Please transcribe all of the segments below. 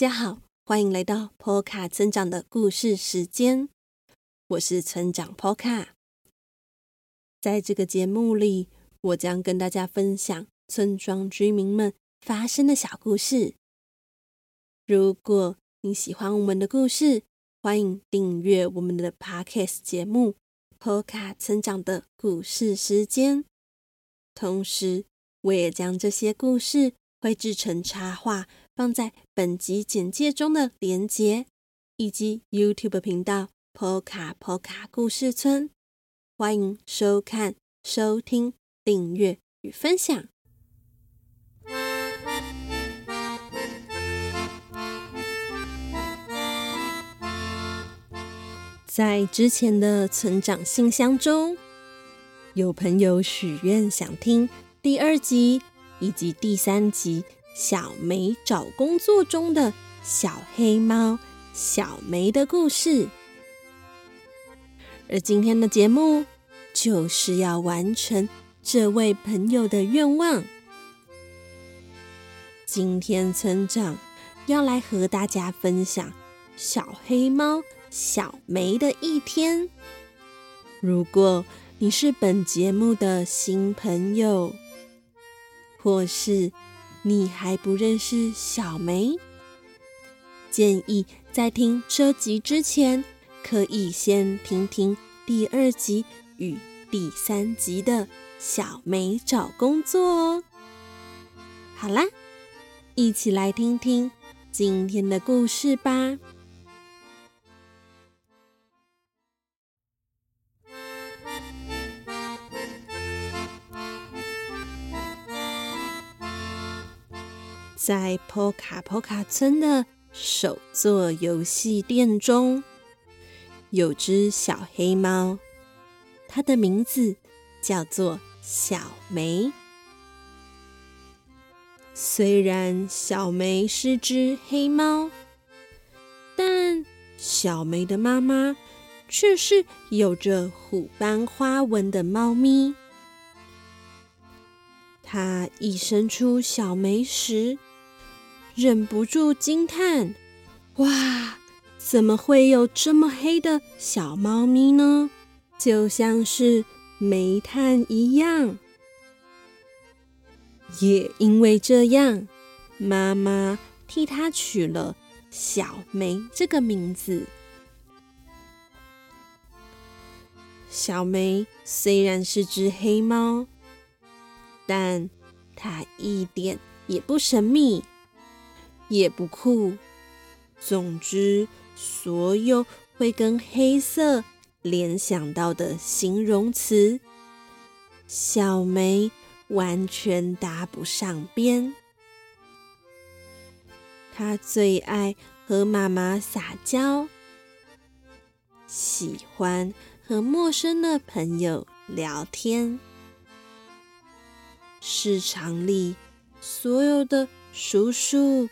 大家好，歡迎來到 p o d c a 成長的故事時間。我是成長 p o k a 在這個節目裡，我將跟大家分享村莊居民們發生的小故事。如果你喜歡我們的故事，歡迎訂閱我們的 Podcast 節目《p o d c a 成長的故事時間》。同時，我也將這些故事繪製成插畫。放在本集簡介中的連結以及 YouTube 頻道 Pocapoca 故事村，歡迎收看、收聽、訂閱與分享。在之前的村長信箱中，有朋友許願想聽第二集以及第三集。小煤找工作中的小黑貓小煤的故事，而今天的節目就是要完成這位朋友的願望。今天村長要來和大家分享小黑貓小煤的一天。如果你是本節目的新朋友，或是你還不認識小煤？建議在聽這集之前，可以先聽聽第二集與第三集的《小煤找工作》哦。好啦，一起來聽聽今天的故事吧。在波卡波卡村的手作遊戲店中，有隻小黑貓，它的名字叫做小煤。雖然小煤是隻黑貓，但小煤的媽媽卻是有着虎斑花紋的貓咪。它一生出小煤時，忍不住驚嘆：“哇，怎麼會有這麼黑的小貓咪呢？就像是煤炭一樣。”也因為這樣，媽媽替它取了“小煤”這個名字。小煤雖然是只黑貓，但它一點也不神秘。也不酷。總之，所有會跟黑色聯想到的形容詞，小煤完全搭不上邊。她最愛和媽媽撒嬌，喜歡和陌生的朋友聊天。市場裡所有的叔叔、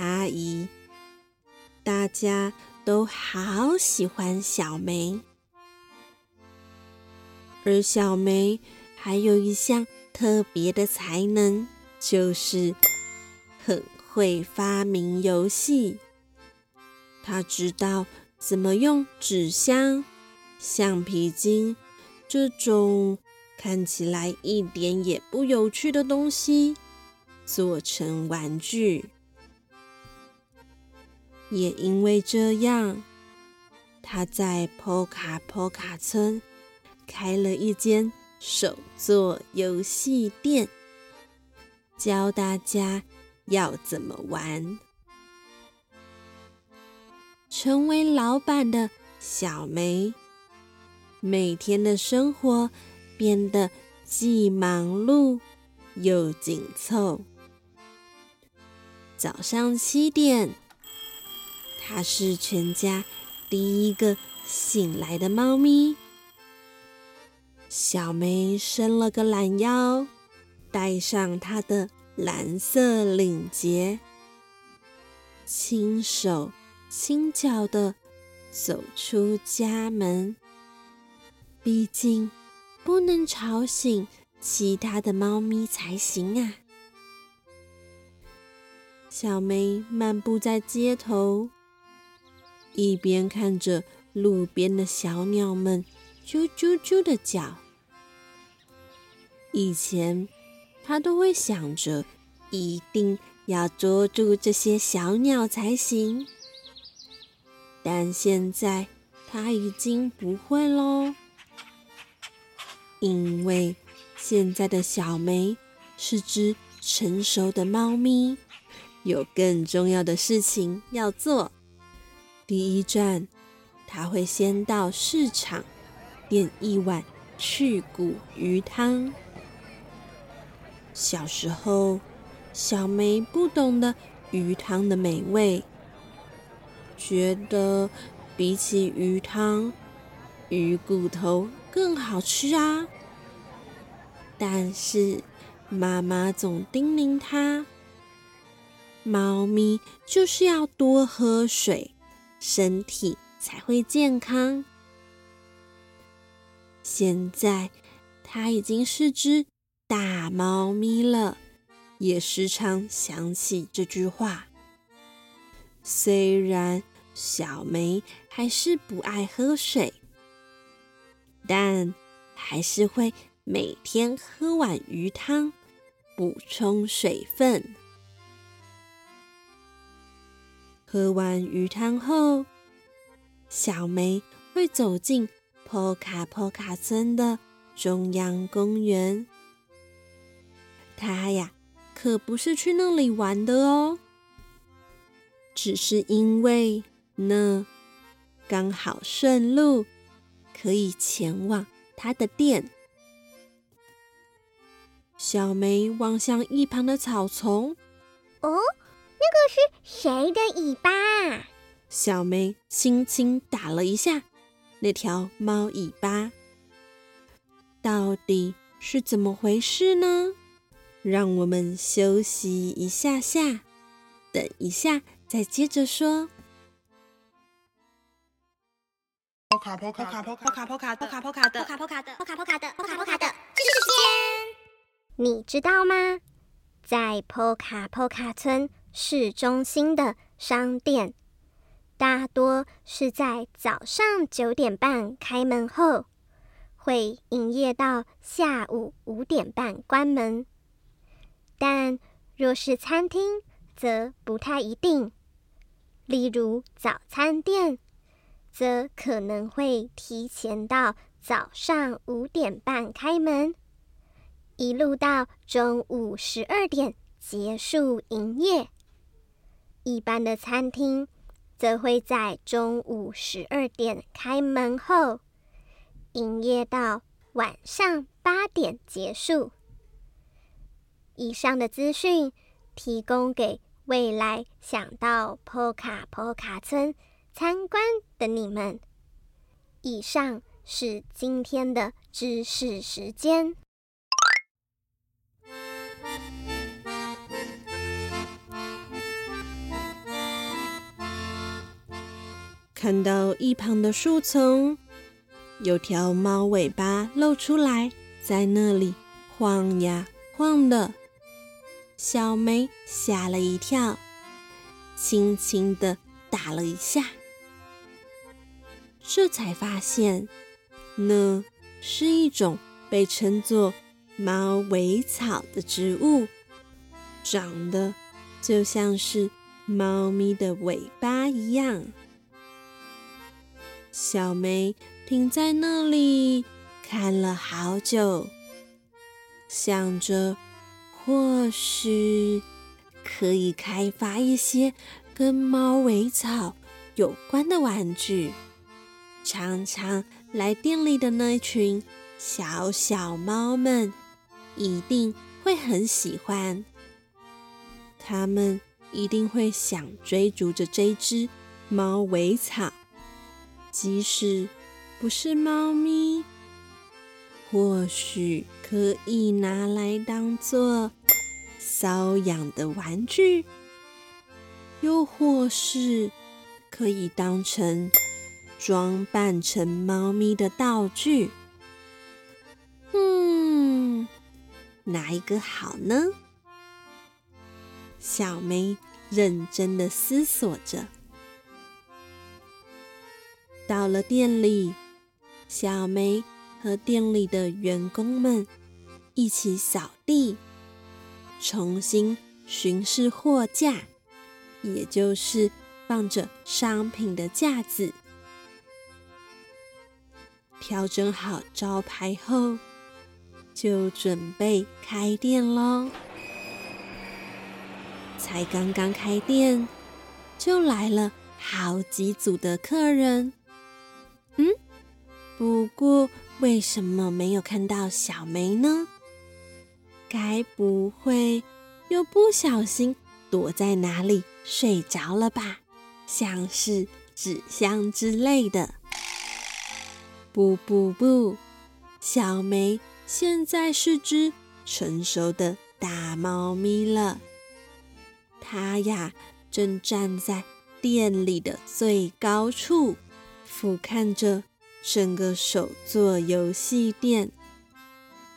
阿姨，大家都好喜歡小煤，而小煤還有一項特別的才能，就是很會發明遊戲。她知道怎麼用紙箱、橡皮筋這種看起來一點也不有趣的東西做成玩具。也因為這樣，他在坡卡坡卡村開了一間手作遊戲店，教大家要怎麼玩。成為老闆的小煤，每天的生活變得既忙碌又緊湊。早上七點。它是全家第一個醒來的貓咪。小煤伸了個懶腰，戴上她的藍色領結，輕手輕腳地走出家門。畢竟不能吵醒其他的貓咪才行啊。小煤漫步在街頭。一邊看着路邊的小鳥們啾啾啾的叫，以前他都會想着一定要捉住這些小鳥才行，但現在他已經不會嘍，因為現在的小煤是只成熟的貓咪，有更重要的事情要做。第一站，他會先到市場點一碗去骨魚湯。小時候，小煤不懂得魚湯的美味，覺得比起魚湯，魚骨頭更好吃啊。但是媽媽總叮嚀她：「貓咪就是要多喝水。身體才會健康。現在它已經是隻大貓咪了，也時常想起這句話。雖然小煤還是不愛喝水，但還是會每天喝碗魚湯補充水分。喝完魚湯後，小煤會走進潑卡潑卡村的中央公園。她呀，可不是去那裡玩的哦，只是因為呢，剛好順路，可以前往她的店。小煤望向一旁的草叢，哦？那個是誰的尾巴？小煤輕輕打了一下那條貓尾巴，到底是怎麼回事呢？讓我們休息一下下，等一下再接着說。波卡波卡卡波卡波卡波卡波卡的波卡波卡的波卡波卡的波卡波卡的，就是天。你知道嗎？在波卡波卡村。市中心的商店大多是在早上九點半開門後，會營業到下午五點半關門。但若是餐廳，則不太一定。例如，早餐店，則可能會提前到早上五點半開門，一路到中午十二點結束營業。一般的餐廳則會在中午十二點開門後，營業到晚上八點結束。以上的資訊提供給未來想到波卡波卡村參觀的你們。以上是今天的知識時間。看到一旁的樹叢有條貓尾巴露出來，在那裡晃呀晃的，小煤嚇了一跳，輕輕地打了一下，這才發現那是一種被稱作貓尾草的植物，長得就像是貓咪的尾巴一樣。小煤停在那裡看了好久，想着或許可以開發一些跟貓尾草有關的玩具。常常來店裡的那群小小貓們一定會很喜歡，它們一定會想追逐着這隻貓尾草。即使不是貓咪，或許可以拿來當做搔癢的玩具，又或是可以當成裝扮成貓咪的道具。嗯，哪一個好呢？小煤認真的思索着。到了店裡，小煤和店裡的員工們一起掃地，重新巡視貨架，也就是放着商品的架子，調整好招牌後，就準備開店咯。才剛剛開店，就來了好幾組的客人。嗯，不過為什麼沒有看到小煤呢？該不會又不小心躲在哪裡睡着了吧？像是紙箱之類的。不不不，小煤現在是隻成熟的大貓咪了，它呀正站在店裡的最高處。俯瞰着整個手作遊戲店，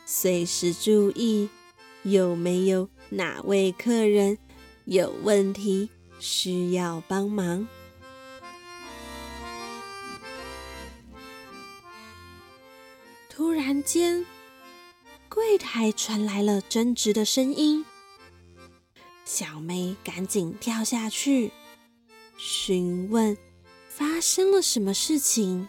隨時注意有沒有哪位客人有問題需要幫忙。突然間，櫃檯傳來了爭執的聲音，小煤趕緊跳下去詢問。發生了什麼事情？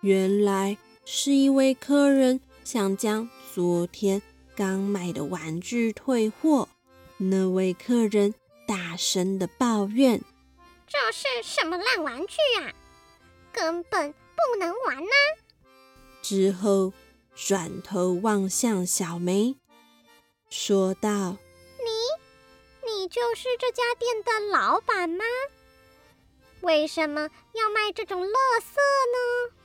原來是一位客人想將昨天剛買的玩具退貨。那位客人大聲地抱怨：“這是什麼爛玩具啊，根本不能玩吶！”之後轉頭望向小煤，說道：“你，你就是這家店的老闆嗎？”為什麼要賣這種垃圾呢？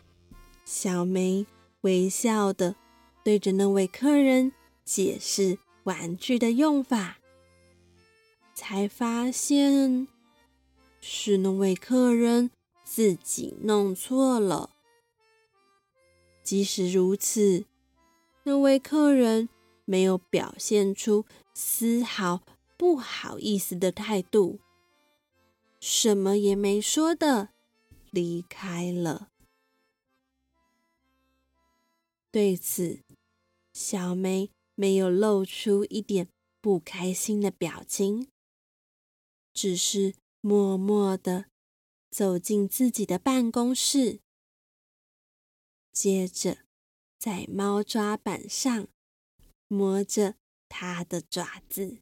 小煤微笑地對着那位客人解釋玩具的用法，才發現是那位客人自己弄錯了。即使如此，那位客人沒有表現出絲毫不好意思的態度。什麼也沒說的離開了。對此，小煤沒有露出一點不開心的表情，只是默默的走進自己的辦公室，接着在貓抓板上磨着它的爪子。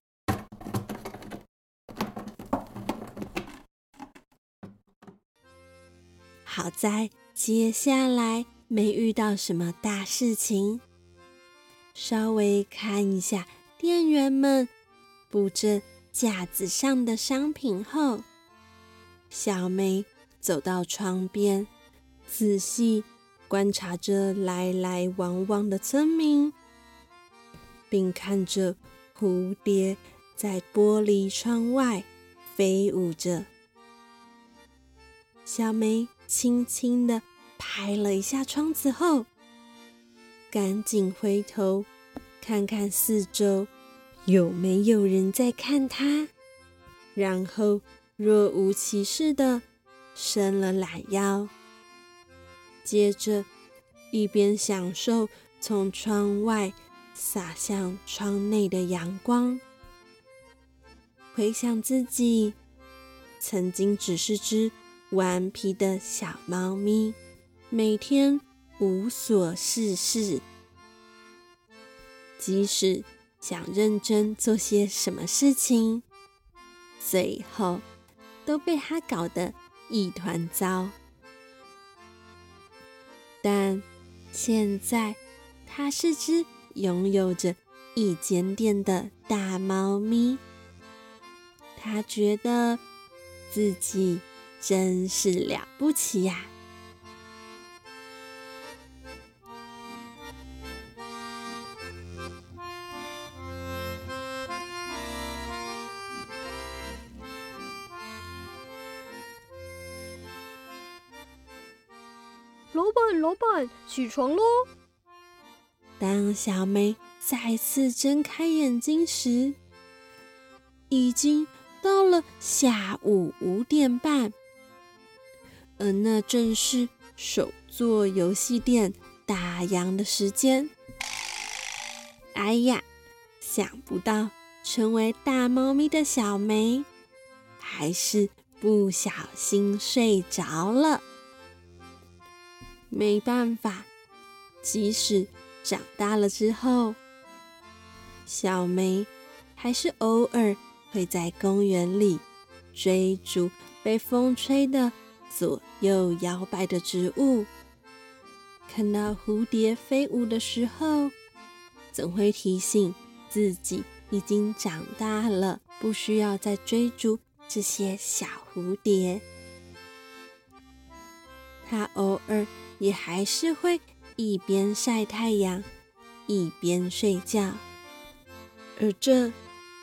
好在接下來沒遇到什麼大事情。稍微看一下店員們佈置架子上的商品後，小煤走到窗邊，仔細觀察着來來往往的村民，並看着蝴蝶在玻璃窗外飛舞着。小煤。輕輕地拍了一下窗子，後，趕緊回頭看看四周有沒有人在看他，然後若無其事地伸了懶腰，接着一邊享受從窗外灑向窗內的陽光，回想自己曾經只是隻。頑皮的小貓咪每天無所事事，即使想認真做些什麼事情，最後都被它搞得一團糟。但現在它是隻擁有着一間店的大貓咪，它覺得自己。真是了不起呀。啊！老闆，老闆，起床嘍！當小煤再次睜開眼睛時，已經到了下午五點半。而那正是手作遊戲店打烊的時間。哎呀，想不到成為大貓咪的小煤，還是不小心睡着了。沒辦法，即使長大了之後，小煤還是偶爾會在公園裡追逐被風吹的。左右搖擺的植物，看到蝴蝶飛舞的時候，總會提醒自己已經長大了，不需要再追逐這些小蝴蝶。它偶爾也還是會一邊曬太陽，一邊睡覺，而這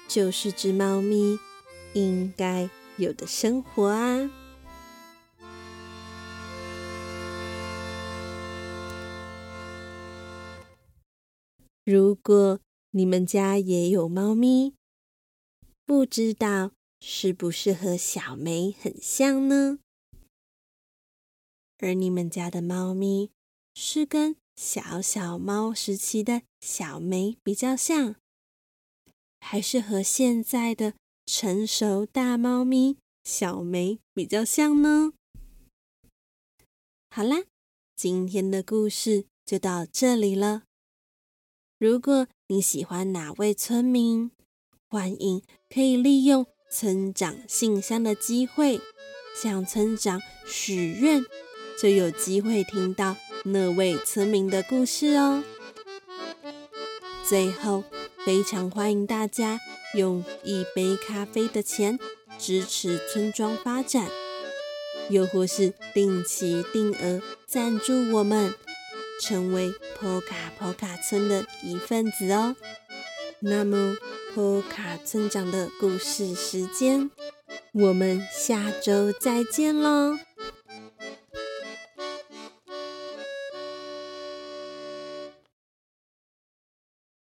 就是隻貓咪應該有的生活啊。如果你們家也有貓咪，不知道是不是和小煤很像呢？而你們家的貓咪是跟小小貓時期的小煤比較像，還是和現在的成熟大貓咪小煤比較像呢？好啦，今天的故事就到這裡了。如果你喜歡哪位村民，歡迎可以利用村長信箱的機會向村長許願，就有機會聽到那位村民的故事哦。最後，非常歡迎大家用一杯咖啡的錢支持村莊發展，又或是定期定額贊助我們。成為波卡波卡村的一份子哦。那麼，波卡村長的故事時間，我們下周再見嘍。